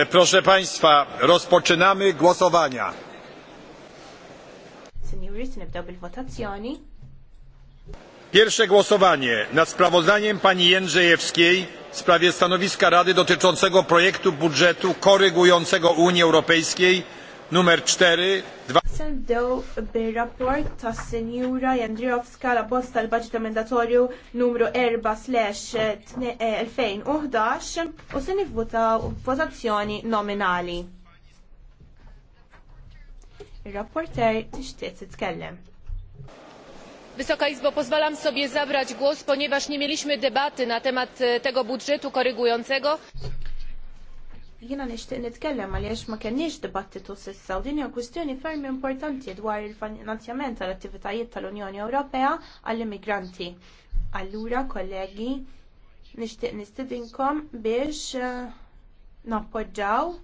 E, proszę Państwa, rozpoczynamy głosowania. Pierwsze głosowanie nad sprawozdaniem pani Jędrzejewskiej w sprawie stanowiska Rady dotyczącego projektu budżetu korygującego Unii Europejskiej nr 4. 2 nibdew bir-rapport tas Sinjura Jandriowska la bosta tal-Baġit emendatorju numru 4/2011 eh, u se nivvutaw votazzjoni nominali. Ir-rapporter tixtieq titkellem. Wysoka Izbo, pozwalam sobie zabrać głos, ponieważ nie mieliśmy debaty na temat e, tego budżetu korygującego. Jiena nixtieq nitkellem għaliex ma kenniex dibattitu sissa u din hija kwistjoni ferm importanti dwar il-finanzjament tal-attivitajiet tal-Unjoni Ewropea għall-immigranti. Allura, kollegi, nixtieq nistidinkom biex eh, nappoġġaw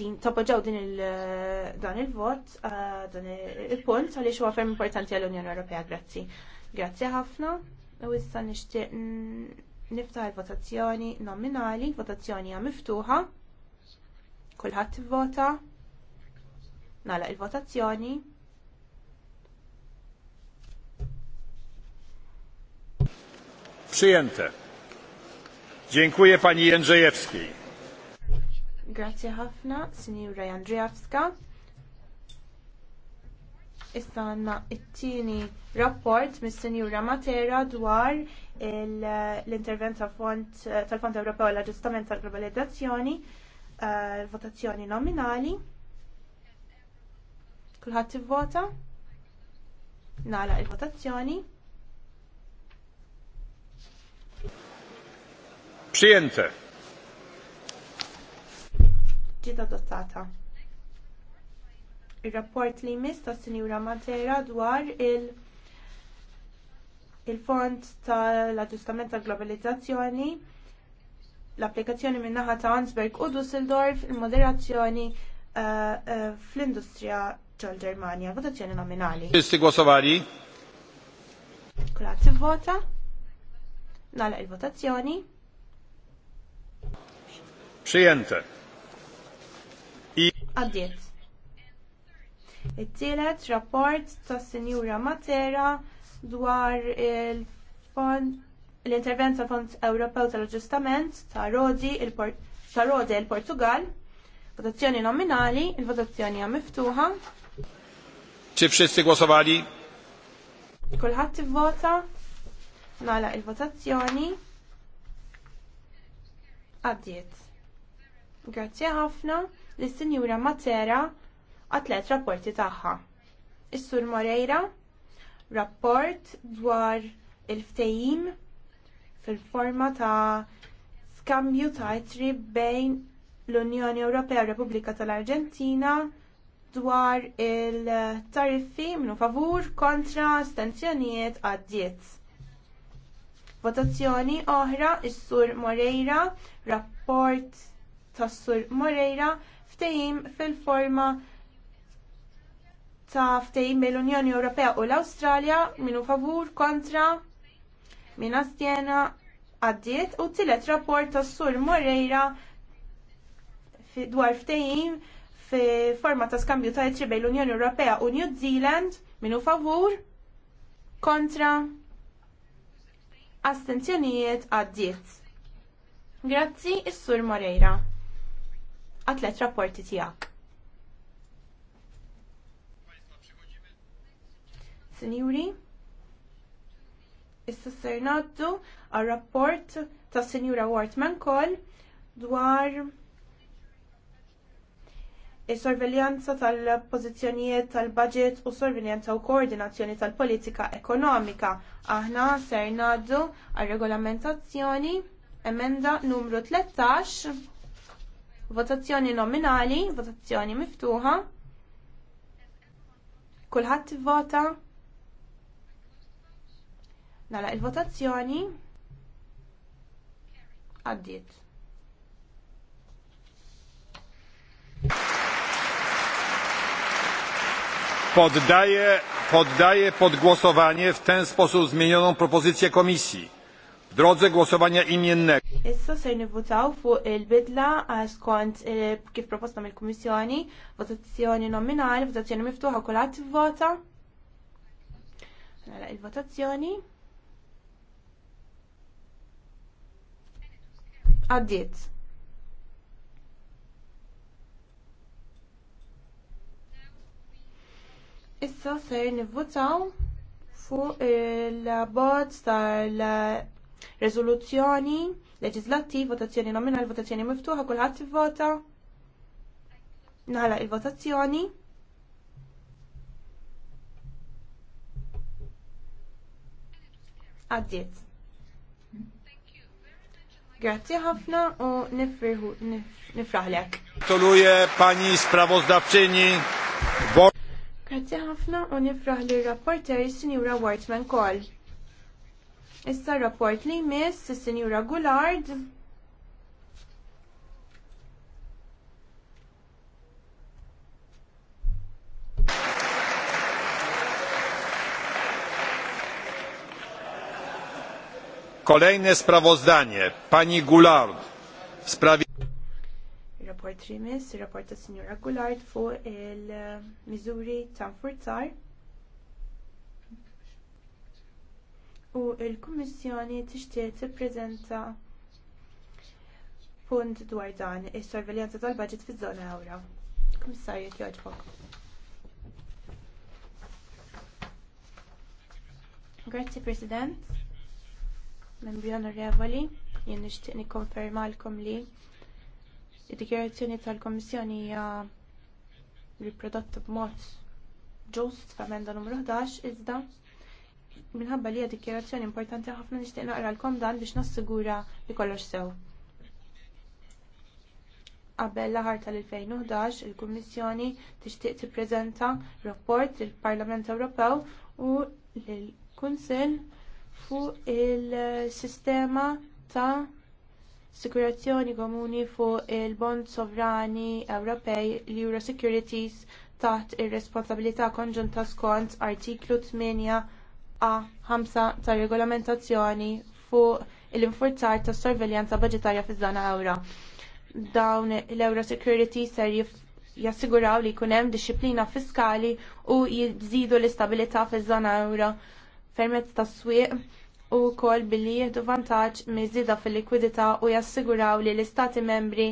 din tappoġġaw din il eh, dan il-vot eh, dan il-punt għaliex huwa ferm importanti għall-Unjoni Ewropea. Grazzi. Grazzi ħafna. U issa nixtieq niftaħ il-votazzjoni nominali, votazzjoni hija miftuħa. Kulħadd ivvota. Nagħlaq il-votazzjoni. Przyjęte. Dziękuję pani Jędrzejewskiej. Grazie ħafna, signora Jandrzejewska. Issa għanna it-tieni rapport mis senjura Matera dwar l-intervent tal-Fond Ewropew l-Aġġustament tal-Globalizzazzjoni, eh, votazzjoni nominali. Kulħadd vota Nala il-votazzjoni. Przyjęte. Ġiet adottata ir-rapport li jmiss tas Sinjura Matera dwar il- il-Fond tal-Aġġustament tal-Globalizzazzjoni, l-applikazzjoni min-naħa ta' Hansberg u Dusseldorf, il-moderazzjoni eh, eh, fl-industrija ġol-Ġermanja, votazzjoni nominali. Isti Gosovari. Kulħadd vota. Nagħlaq il-votazzjoni. Przyjęte. I... Addiet. il tielet rapport tas-Sinjura Matera dwar l-intervent tal Fond Ewropew tal-Aġġustament ta' Rodi ta' Rodi l-Portugal, votazzjoni nominali, il-votazzjoni hija miftuħa. Ċi wszyscy głosowali? Kulħadd ivvota. Nala il-votazzjoni. Għaddiet. Grazzi ħafna lis sinjura Matera għatlet rapporti tagħha. Is-Sur Moreira rapport dwar il-ftejim fil-forma ta' skambju ta' itri bejn l-Unjoni Ewropea u Repubblika tal-Arġentina dwar il-tariffi minnu favur kontra stanzjonijiet għaddiet. Votazzjoni oħra is-Sur Moreira, rapport tas-Sur Moreira ftehim fil-forma ta' ftehim bejn l-Unjoni Ewropea u l-Awstralja minu favur kontra min astjena għaddiet u t rapport tas Sur Moreira dwar ftehim fi forma ta' skambju ta' jitri bejn l-Unjoni Ewropea u New Zealand minu favur kontra astenzjonijiet għaddiet. Grazzi sur Moreira. Atlet rapporti tiegħek. Sinjuri, issa ser naddu għal rapport ta' Sinjura Wartman Koll dwar is-sorveljanza tal-pożizzjonijiet tal-budget u sorveljanza u koordinazzjoni tal-politika ekonomika. Aħna ser naddu għal regolamentazzjoni emenda numru 13 votazzjoni nominali, votazzjoni miftuħa. Kulħadd vota. Nara il-votazzjoni għaddiet. Poddaję, poddaję pod głosowanie w ten sposób zmienioną propozycję komisji w drodze głosowania imiennego. Issa ser nivvotaw fuq il-bidla skont eh, kif proposta mill-Kummissjoni, votazzjoni nominali, votazzjoni miftuħa kulħadd vota. Nara il-votazzjoni. Għaddiet. Issa ser nivvotaw fuq il bot tal-rezoluzzjoni leġislattiv, votazzjoni nominal, votazzjoni miftuħa, kulħadd ivvota. Naħlaq il-votazzjoni. Għaddiet. Grazzi ħafna u nifriħu nifraħlek. Toluje pani sprawozdawczyni. Grazzi ħafna u nifraħ li rapporter Sinjura Wartman Kol. Issa rapport li miss Sinjura Gullard. Kolejne sprawozdanie pani Goulard w sprawie Rapport Rimis, rapport ta' Signora Goulard fuq il-Mizuri ta' Furtar u il-Kummissjoni tixtieq tippreżenta punt dwar dan is-sorveljanza tal-baġit fiż-żona ewra. Kummissarju jogħġbok. Grazie, President. Membri onorevoli, jien nixtieq nikkonfermalkom li id-dikjerazzjoni tal komissjoni hija riprodotta b'mod ġust f'emenda numru 11 iżda minħabba li hija dikjerazzjoni importanti ħafna nixtieq naqralkom dan biex nassigura li kollox sew. Qabel l-aħar tal-2011, il-Kummissjoni tixtieq tippreżenta rapport lill-Parlament Ewropew u lill-Kunsill fuq il-sistema ta' sikurazzjoni komuni fuq il-bond sovrani Ewropej l Euro Securities taħt ir-responsabilità konġunta skont artiklu 8 a 5 tar regolamentazzjoni fuq l-infurzar tas sorveljanza budgetarja fiż-żona ewra. Dawn l-Euro Security ser jassiguraw li jkun hemm dixxilpina fiskali u jżidu l-istabilità fiż-żona ewra permezz tas-swieq u wkoll billi jieħdu vantaġġ miżida fil-likwidità u jassiguraw li l-istati membri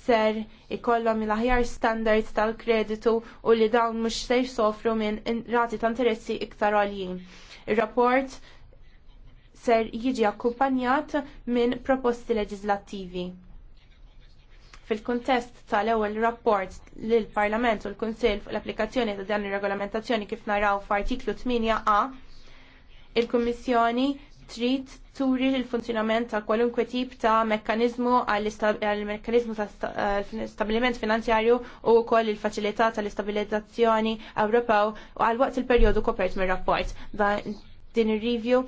ser ikollhom l-aħjar standards tal-kreditu u li dawn mhux se jsofru minn rati ta' interessi iktar għaljin. Ir-rapport ser jiġi akkumpanjat minn proposti leġislattivi. Fil-kuntest tal-ewwel rapport lill parlament u l-Kunsill fuq l-applikazzjoni ta' dan ir-regolamentazzjoni kif naraw f'artiklu 8a il-Kummissjoni trid turi l-funzjonament ta' kwalunkwe tip ta' mekkanizmu għall-mekkanizmu ta' eh, stabiliment finanzjarju u koll il-facilità tal-istabilizzazzjoni Ewropew u għal waqt il-perjodu kopert mir-rapport. Din ir-review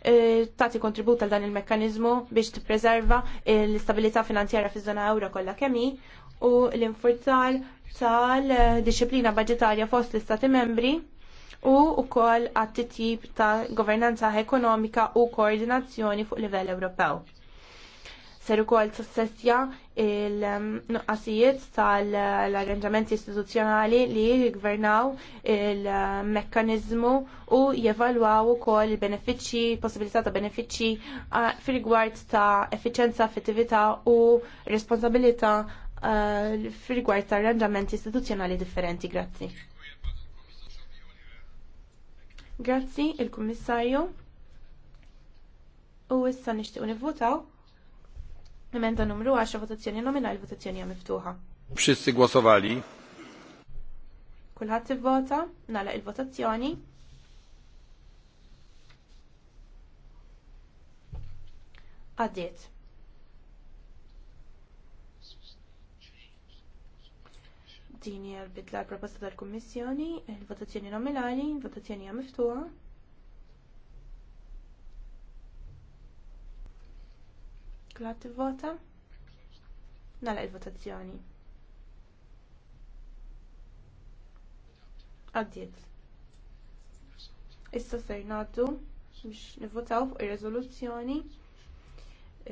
eh, tati kontribut għal dan il-mekkanizmu biex tippreserva l-istabilità finanzjarja fi żona euro kollha kemmi u l-infurzar tal-disciplina eh, budgetarja fost l-istati membri u wkoll għat-titjib ta' governanza ekonomika u koordinazzjoni fuq livell Ewropew. Ser ukoll tassessja il-nuqqasijiet tal-arranġamenti istituzzjonali li jgvernaw il-mekkanizmu u jevalwaw ukoll il-benefiċċji, possibilità ta' benefiċċji fil-rigward ta' effiċenza, effettività u responsabilità fil-rigward ta' arranġamenti istituzzjonali differenti. Grazzi. Grazzi il-Kummissarju. U issa nixtiequ nivvotaw. Emenda numru 10 votazzjoni nominali votazzjoni hija miftuħa. Wszyscy głosowali. Kulħadd ivvota, nagħlaq il-votazzjoni. Għaddiet. dini għal l proposta tal-Kommissjoni, il-votazzjoni nominali, il-votazzjoni għamiftuħa. miftuħa. il vota Nala il-votazzjoni. Għaddiet. Issa ser naddu biex nivvotaw fuq ir-riżoluzzjoni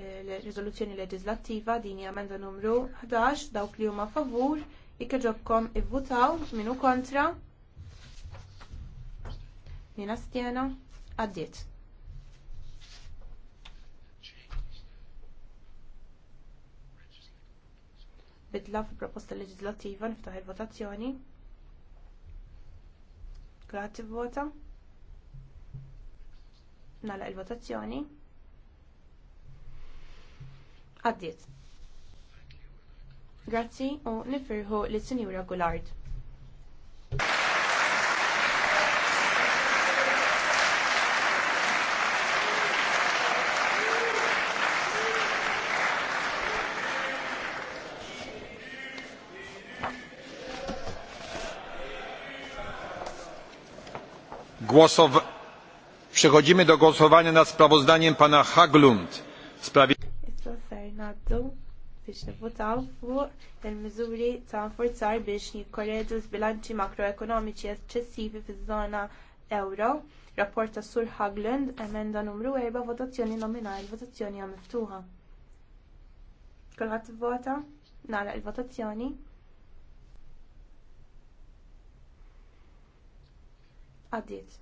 eh, risoluzzjoni leġislattiva din hija numru 11 dawk li huma favur ikkeġobkom ivvutaw minu kontra min astjena għaddiet. Bidla fil-proposta leġislativa niftaħ il-votazzjoni. Grazie vota. Nala il-votazzjoni. Għaddiet. Grazzi u nifirħu lis sinjura Gullard. Głosow... Przechodzimy do głosowania nad sprawozdaniem pana Haglund w sprawie biex nivvotaw fuq il-miżuri ta' forzar biex jikkorreġu l-bilanċi makroekonomiċi eċċessivi fiż-żona euro. Rapport ta' Sur Haglund, emenda numru 4, votazzjoni nominali, votazzjoni hija miftuħa. Kulħadd ivvota, nagħlaq il-votazzjoni. Għaddiet.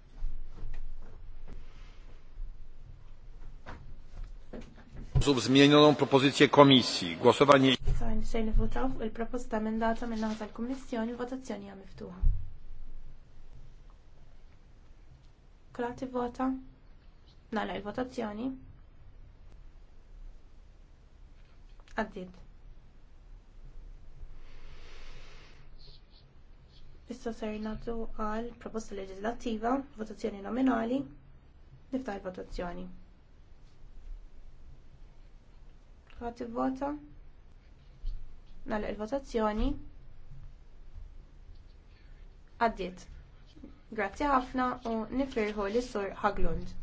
Zub zmienioną propozycję komisji. Głosowanie... Sejn xejn votaw il-proposta emendata minn naħa tal-Kummissjoni votazzjoni hija miftuħa. Kulħadd ivvota? Nagħlaq il-votazzjoni. Għaddiet. Issa ser nagħtu għal proposta leġislattiva, votazzjoni nominali, niftaħ il-votazzjoni. Għati vota. Nalq il-votazzjoni. Għaddiet. Grazzi ħafna u nifirħu l sur Haglund.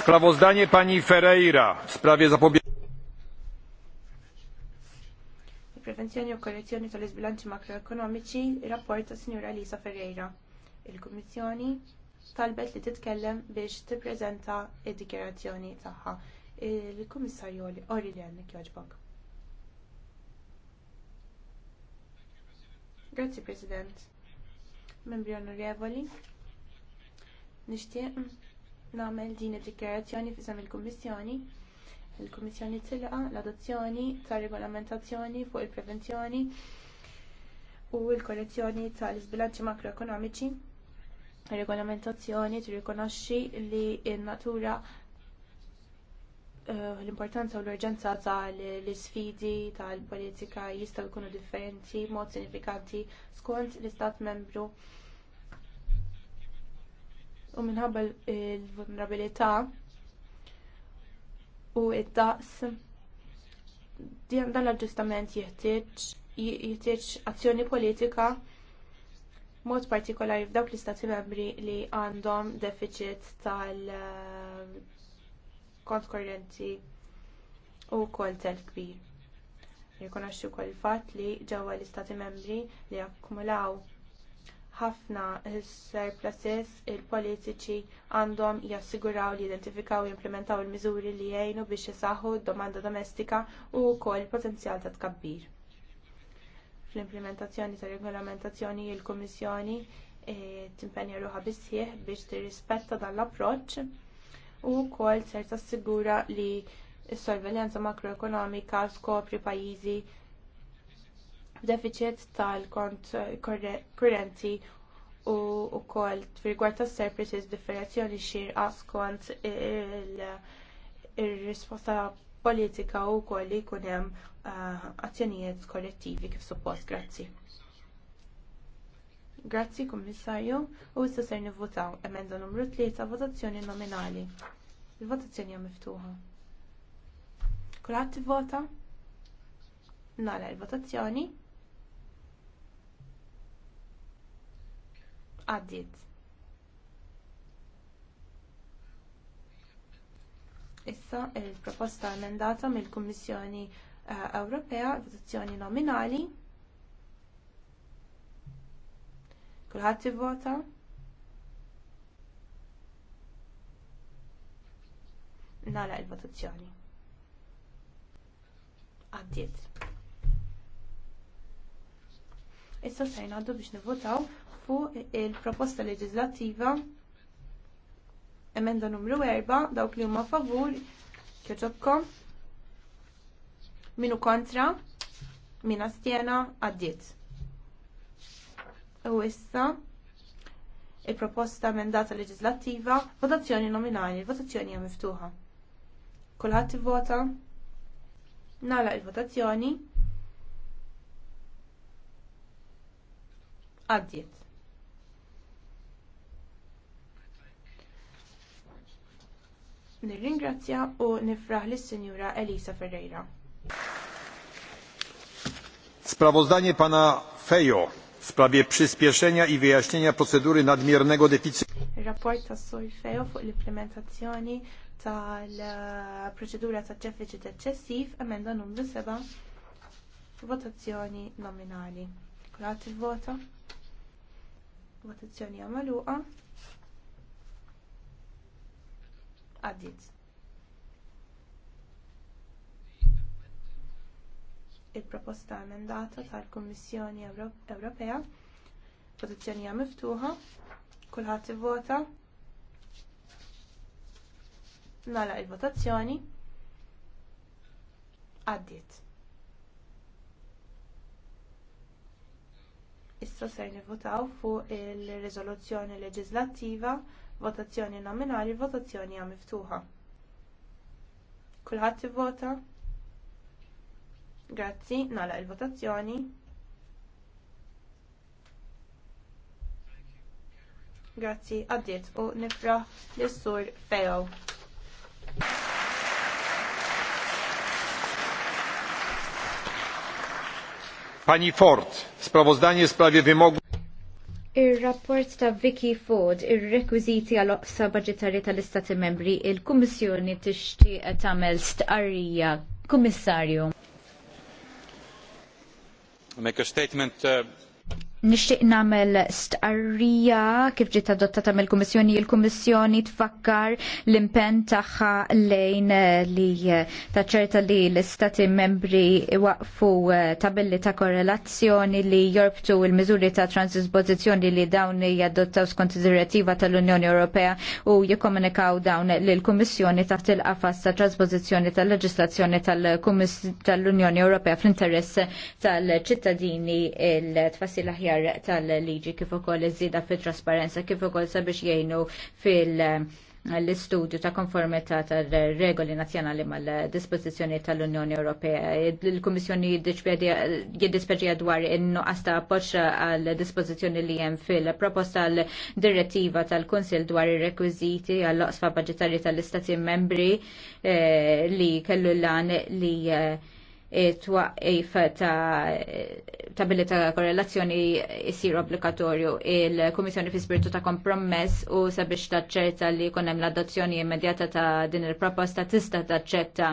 Sprawozdanie pani Ferreira w sprawie zapobiegania prevenzjoni u korrezzjoni tal-izbilanċi makroekonomiċi, rapport ta' Sinjura Elisa Ferreira. Il-Kummissjoni talbet li titkellem biex tippreżenta id-dikjerazzjoni tagħha. Il-Kummissarju Orilian Kjoġbok. Grazie President. Membri onorevoli, nixtieq nagħmel din id-dikjerazzjoni fisem il-Kummissjoni. Il-Kummissjoni tilqa l-adozzjoni tar regolamentazzjoni fuq il-prevenzjoni u l-korrezzjoni tal-isbilanċi makroekonomiċi regolamentazzjoni tirrikonoxxi li n-natura eh, l-importanza u l-urġenza tal-sfidi tal-politika jistgħu jkunu differenti mod sinifikanti skont l-istat membru u minħabba l-vulnerabilità u d daqs dan l-aġġustament jeħtieġ azzjoni politika mod partikolari f'dawk l-istati membri li għandhom deficit tal-kont eh, korrenti u kol tel kbir. Rikonoxxu kol fatt li ġewwa l-istati membri li akkumulaw ħafna surpluses il-politiċi għandhom jassiguraw li identifikaw u jimplementaw il-miżuri li jgħinu biex jisaħħu d-domanda domestika u wkoll il potenzjal ta' tkabbir fl-implementazzjoni ta' regolamentazzjoni il-Kummissjoni eh, timpenja ruħa bisħieħ biex tirrispetta dan l-approċċ u wkoll ser tassigura li s-sorveljanza makroekonomika skopri pajjiżi b'defiċit tal-kont kurrenti u wkoll rigward tas-surpluses differenzjoni xirqa skont ir-risposta politika u koll li jkun hemm uh, azzjonijiet kollettivi kif suppost. Grazzi. Grazzi, Kummissarju, u issa ser nivvotaw emenda numru 3 votazzjoni nominali. Il-votazzjoni hija miftuħa. Kulħadd tivvota? Nara il-votazzjoni. Għaddiet. Issa il-proposta emendata mill-Kummissjoni eh, Ewropea, votazzjoni nominali. Kulħadd ivvota. Nagħlaq il-votazzjoni. Għaddiet. Issa se għaddu biex nivvotaw fuq il-proposta leġislattiva Emenda numru 4, dawk li huma favur, kjoġobkom. Minu kontra, min stjena għaddit U issa, il-proposta emendata leġislattiva, votazzjoni nominali, votazzjoni hija miftuħa. Kulħadd ivvota, nagħlaq il-votazzjoni, għaddiet. Nirringrazzja u nifraħ lis-Sinjura Elisa Ferreira. Sprawozdanie pana Fejo w sprawie przyspieszenia i wyjaśnienia procedury nadmiernego deficytu. Rapport ta' Soj Fejo fuq l-implementazzjoni tal-proċedura ta' deficit eċċessiv emenda numru 7 votazzjoni nominali. Kulħadd il-vota? Votazzjoni għamaluqa. għaddit. Il-proposta emendata tal-Kummissjoni Ewropea, hija miftuħa, kulħadd ivvota. Nala il-votazzjoni għaddiet. Issa se nivvotaw fuq il-riżoluzzjoni leġislattiva, votazzjoni nominali, votazzjoni hija miftuħa. Kulħadd ivvota? Grazzi, nagħlaq il-votazzjoni. Grazzi, għaddiet u nifra l sur fejaw. Pani Ford, sprawozdanie w sprawie wymogów. Ir-rapport ta' Vicky Ford, ir-rekwiziti għal oqsa budgetari tal-Istati membri, il-Kummissjoni tixtieq tagħmel stqarrija. Kummissarju. Make a statement uh, Nixtieq nagħmel stqarrija kif ġiet adottata mill-Kummissjoni, il-Kummissjoni tfakkar l-impenn tagħha lejn li taċċerta li l-Istati membri waqfu eh, tabelli ta' korrelazzjoni li jorbtu il-miżuri ta' transdispożizzjoni li dawn jadottaw skont direttiva tal-Unjoni Ewropea u jikkomunikaw dawn lill-Kummissjoni taħt il-qafas ta' transpożizzjoni tal-leġislazzjoni tal-Unjoni Ewropea fl-interess tal-ċittadini il-tfassil aħjar l tal-liġi kif ukoll iż-żieda fit-trasparenza kif ukoll sabiex jgħinu fil- l-istudju ta' konformità tal-regoli nazjonali mal-dispozizjoni tal-Unjoni Ewropea. Il-Kummissjoni jiddispeġija dwar in-nuqqas ta' għal-dispozizjoni li hemm fil-proposta għal direttiva tal-Kunsil dwar ir-rekwiżiti għall-oqsfa budġetarji tal-Istati membri eh, li kellu l-għan li eh, Twaqqif ta' tabelli ta' korrelazzjoni jisir obbligatorju il-Komissjoni fi spiritu ta' kompromess u sabiex taċċerta li jkun hemm l-adozzjoni immedjata ta' din il-proposta tista' taċċetta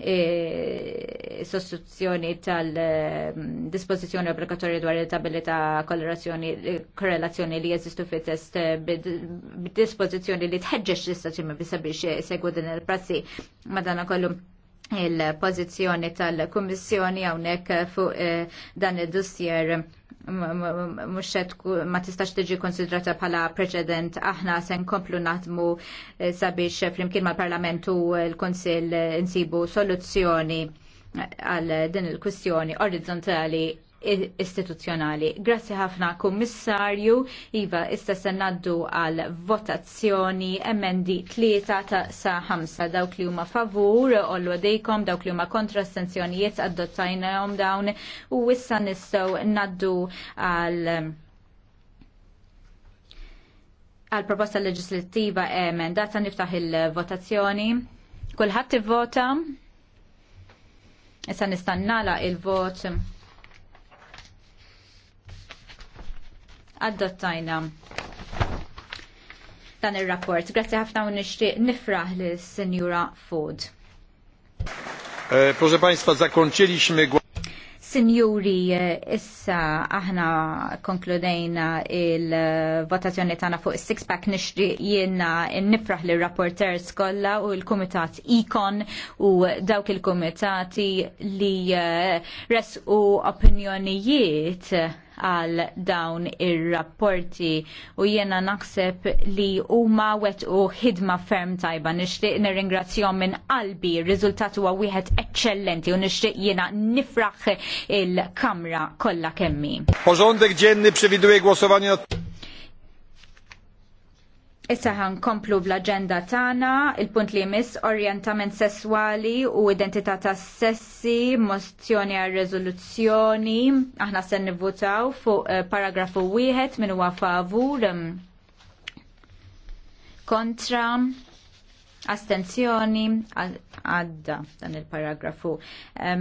e, sostituzzjoni tal-dispozizjoni mm, obbligatorja dwar il-tabelli ta' korrelazzjoni li jeżistu fi test bid li tħeġġeġ l-istati bisabiex sabiex segwu din il-prassi madana kollu il-pozizjoni tal-Kummissjoni hawnhekk fuq eh, dan id-dossier mux ma tistax tiġi konsidrata bħala preċedent aħna se nkomplu naħdmu eh, sabiex flimkien mal-Parlament u l-Konsil nsibu soluzzjoni għal din il-kwistjoni orizzontali istituzzjonali. Grazzi ħafna kummissarju, Iva, issa se naddu għal votazzjoni emendi tlieta ta' sa' ħamsa dawk li huma favur, ollu għadejkom, dawk li huma kontra sanzjonijiet adottajnahom dawn u issa nistgħu naddu għal għal proposta leġislattiva emendata niftaħ il-votazzjoni. Kulħadd ivvota. Issa nistannala il-vot. adottajna dan il-rapport. Grazie ħafna u nixtieq nifraħ li Senjura Ford. Eh, proszę Państwa, zakończyliśmy Sinjuri, eh, issa aħna konkludejna il-votazzjoni tagħna fuq is-six-pack nixtieq jiena nifraħ li rapporter kollha u l-kumitat Ikon u dawk il-kumitati li eh, resqu opinjonijiet għal dawn ir-rapporti u jiena naħseb li huma u ħidma ferm tajba nixtieq nirringrazzjahom minn qalbi r-riżultat huwa wieħed eċċellenti u nixtieq jiena nifraħ il-kamra kollha kemmi. Porządek przewiduje głosowanie Issa ħan komplu bl-agenda tana, il-punt li jmiss orientament sessuali u identità ta' sessi, mozzjoni għal rezoluzzjoni, aħna sen nivvutaw fuq eh, paragrafu wieħed minn huwa favur, kontra, astenzjoni, għadda dan il-paragrafu.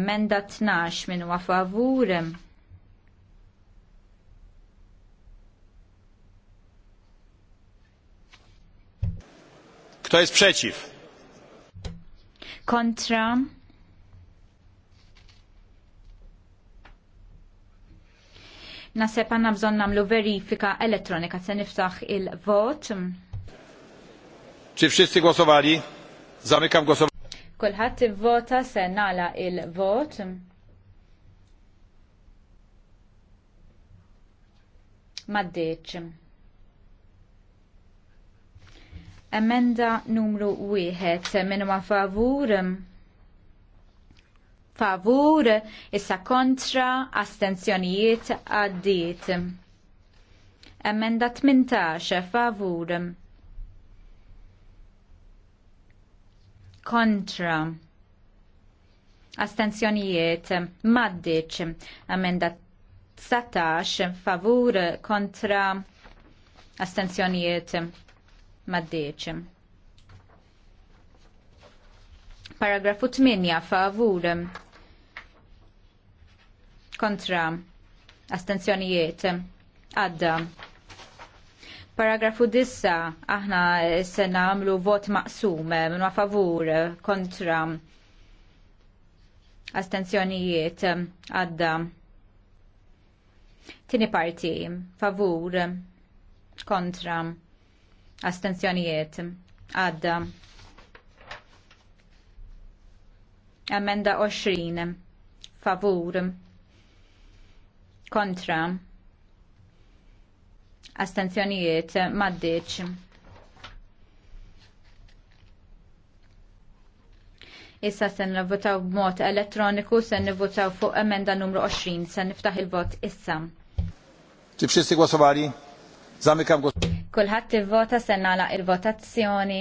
Menda 12 minn huwa favur, Kto jest przeciw? Kontra. Nasepa na bżon namlu verifika elektronika se niftaħ il-vot. Czy wszyscy głosowali? Zamykam głosowanie. Kulħadd ivvota se nala il-vot. Maddeċ. Emenda numru 1 minn ma favur favur issa kontra astenzjonijiet għaddiet. Emenda 18 favur kontra astenzjonijiet maddiċ Emenda 19 favur kontra astenzjonijiet maddeċ. Paragrafu 8 favur kontra astenzjonijiet għadda. Paragrafu 9 aħna se għamlu vot maqsum minn favur kontra astenzjonijiet għadda. Tini parti favur kontra astenzjonijiet għadda emenda 20 favur kontra astenzjonijiet maddeċ Issa se nivvotaw b'mod elettroniku, se nivvotaw fuq emenda numru 20, se niftaħ il-vot issa. Ċi wszyscy głosowali? Zamykam głosowanie. Kulħadd ivvota se nagħlaq il-votazzjoni.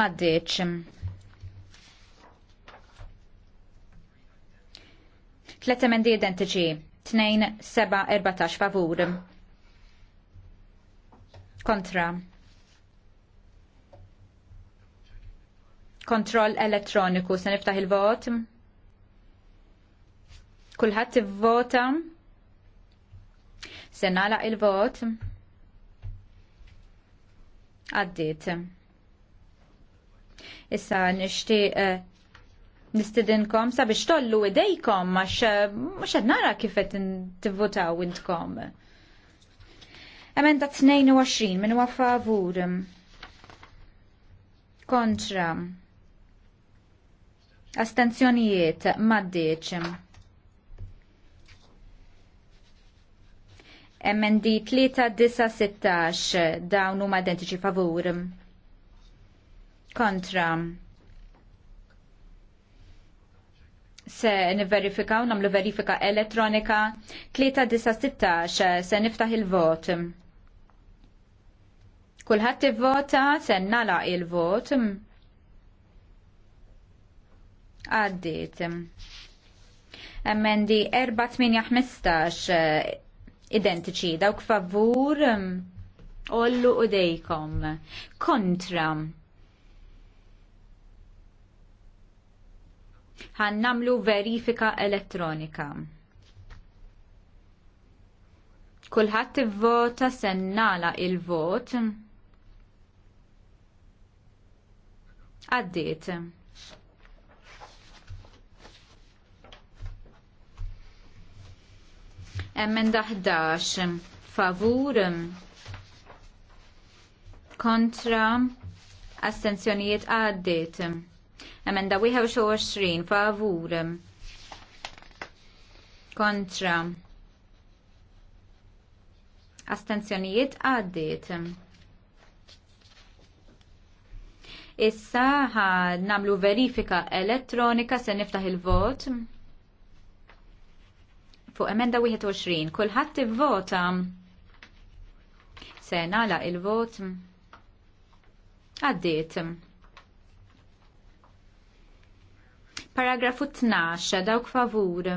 Maddiċ. Tlet emendi identiċi. 2, 7, 14 favur. Kontra. Kontroll elettroniku. Se niftaħ il-vot. Kulħadd ivvota. vota Se nagħlaq il-vot. Għaddit. Issa nixtieq eh, nistidinkom sabiex tollu idejkom għax eh, mhux qed nara kif qed tivvutaw intkom. Emenda 22 minn huwa favur. Kontra. Astenzjonijiet maddeċ. MND 16 dawn huma identiċi favur. Kontra. Se niverifikaw namlu verifika elettronika 16 se niftaħ il-vot. Kulħadd ivvota se nala il-vot. Għaddit. MND 15 identiċi dawk favur um, ollu u dejkom kontra ħannamlu verifika elettronika. Kulħadd ivvota sennala il-vot. Għaddiet. Emenda 11. Favur. Kontra. Astenzjonijiet għaddit. Emenda 21. Favur. Kontra. Astenzjonijiet għaddit. Issa namlu verifika elettronika se niftaħ il-vot. Fuq emenda 21, kulħadd ivvota se nagħlaq il-vot għaddiet. Paragrafu 12, dawk favur.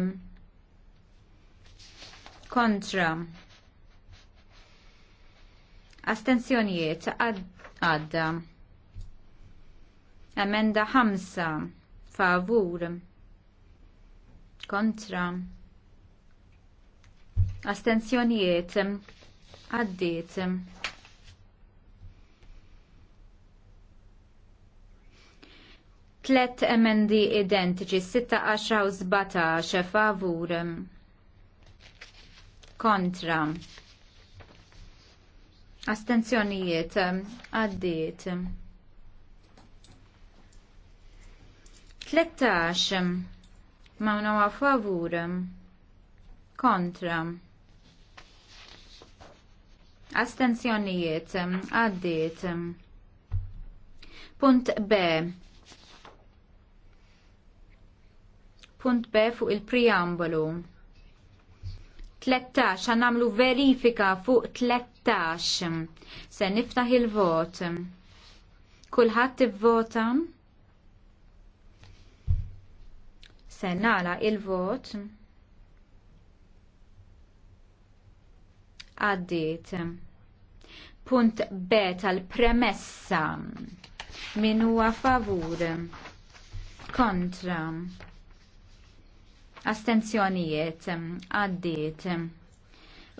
Kontra. Astenzjonijiet għadda. Emenda 5, favur. Kontra astenzjonijiet għaddiet. Tlet emendi identiċi 16 u 17 favur kontra astenzjonijiet għaddiet. 13 ma' favur kontra Astenzjonijiet għaddiet. Punt B. Punt B fuq il-preambolu. 13, għanamlu verifika fuq 13. Se niftaħ il-vot. Kulħadd ivvota. Se nala il-vot. il vot għaddiet. Punt B tal-premessa min huwa favur kontra astenzjonijiet għaddiet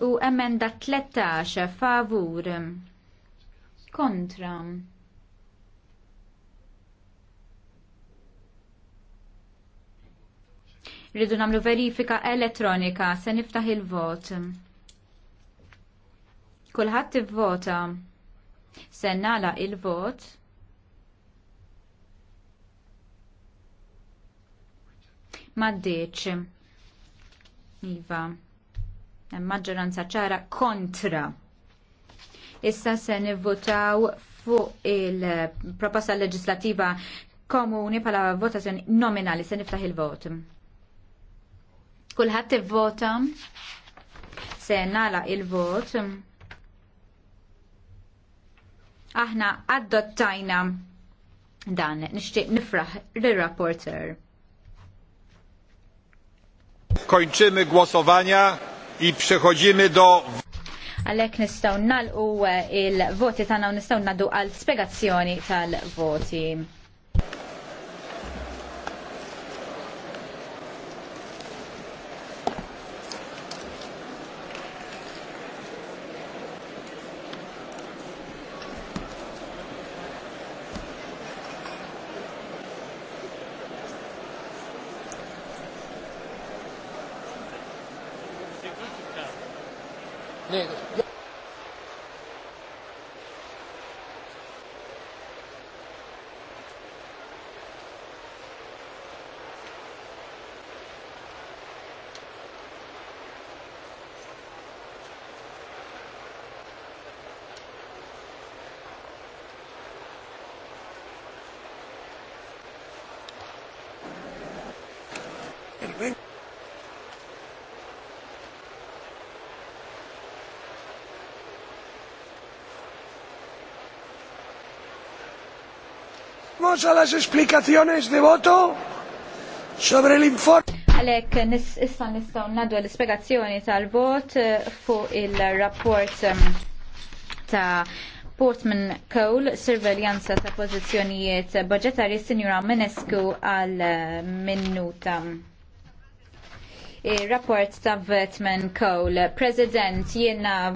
u emenda 13 favur kontra Ridu namlu verifika elettronika se niftaħ il-vot. Kulħadd ivvota. Se nagħlaq il-vot. Maddeċ. Iva. Maġġoranza ċara kontra. Issa se nivvotaw fuq il-proposta leġislativa komuni pala votazzjoni nominali se niftaħ il-vot. Kulħadd ivvota se nagħlaq il-vot aħna adottajna dan nixtieq nifraħ lir-rapporter. Kończymy głosowania i przechodzimy do Għalhekk nistgħu nagħlqu eh, il-voti tagħna u nistgħu nagħdu għal spjegazzjoni tal-voti. Pasamos a las explicaciones de voto sobre el informe. issa nistaw nadu l-ispiegazzjoni tal-vot eh, fuq il-rapport eh, ta' Portman Cole, Surveljanza ta' Pozizjonijiet Budgetari Sinjura Minescu għal eh, Minuta. Il-rapport ta' Vetman Cole, President, jiena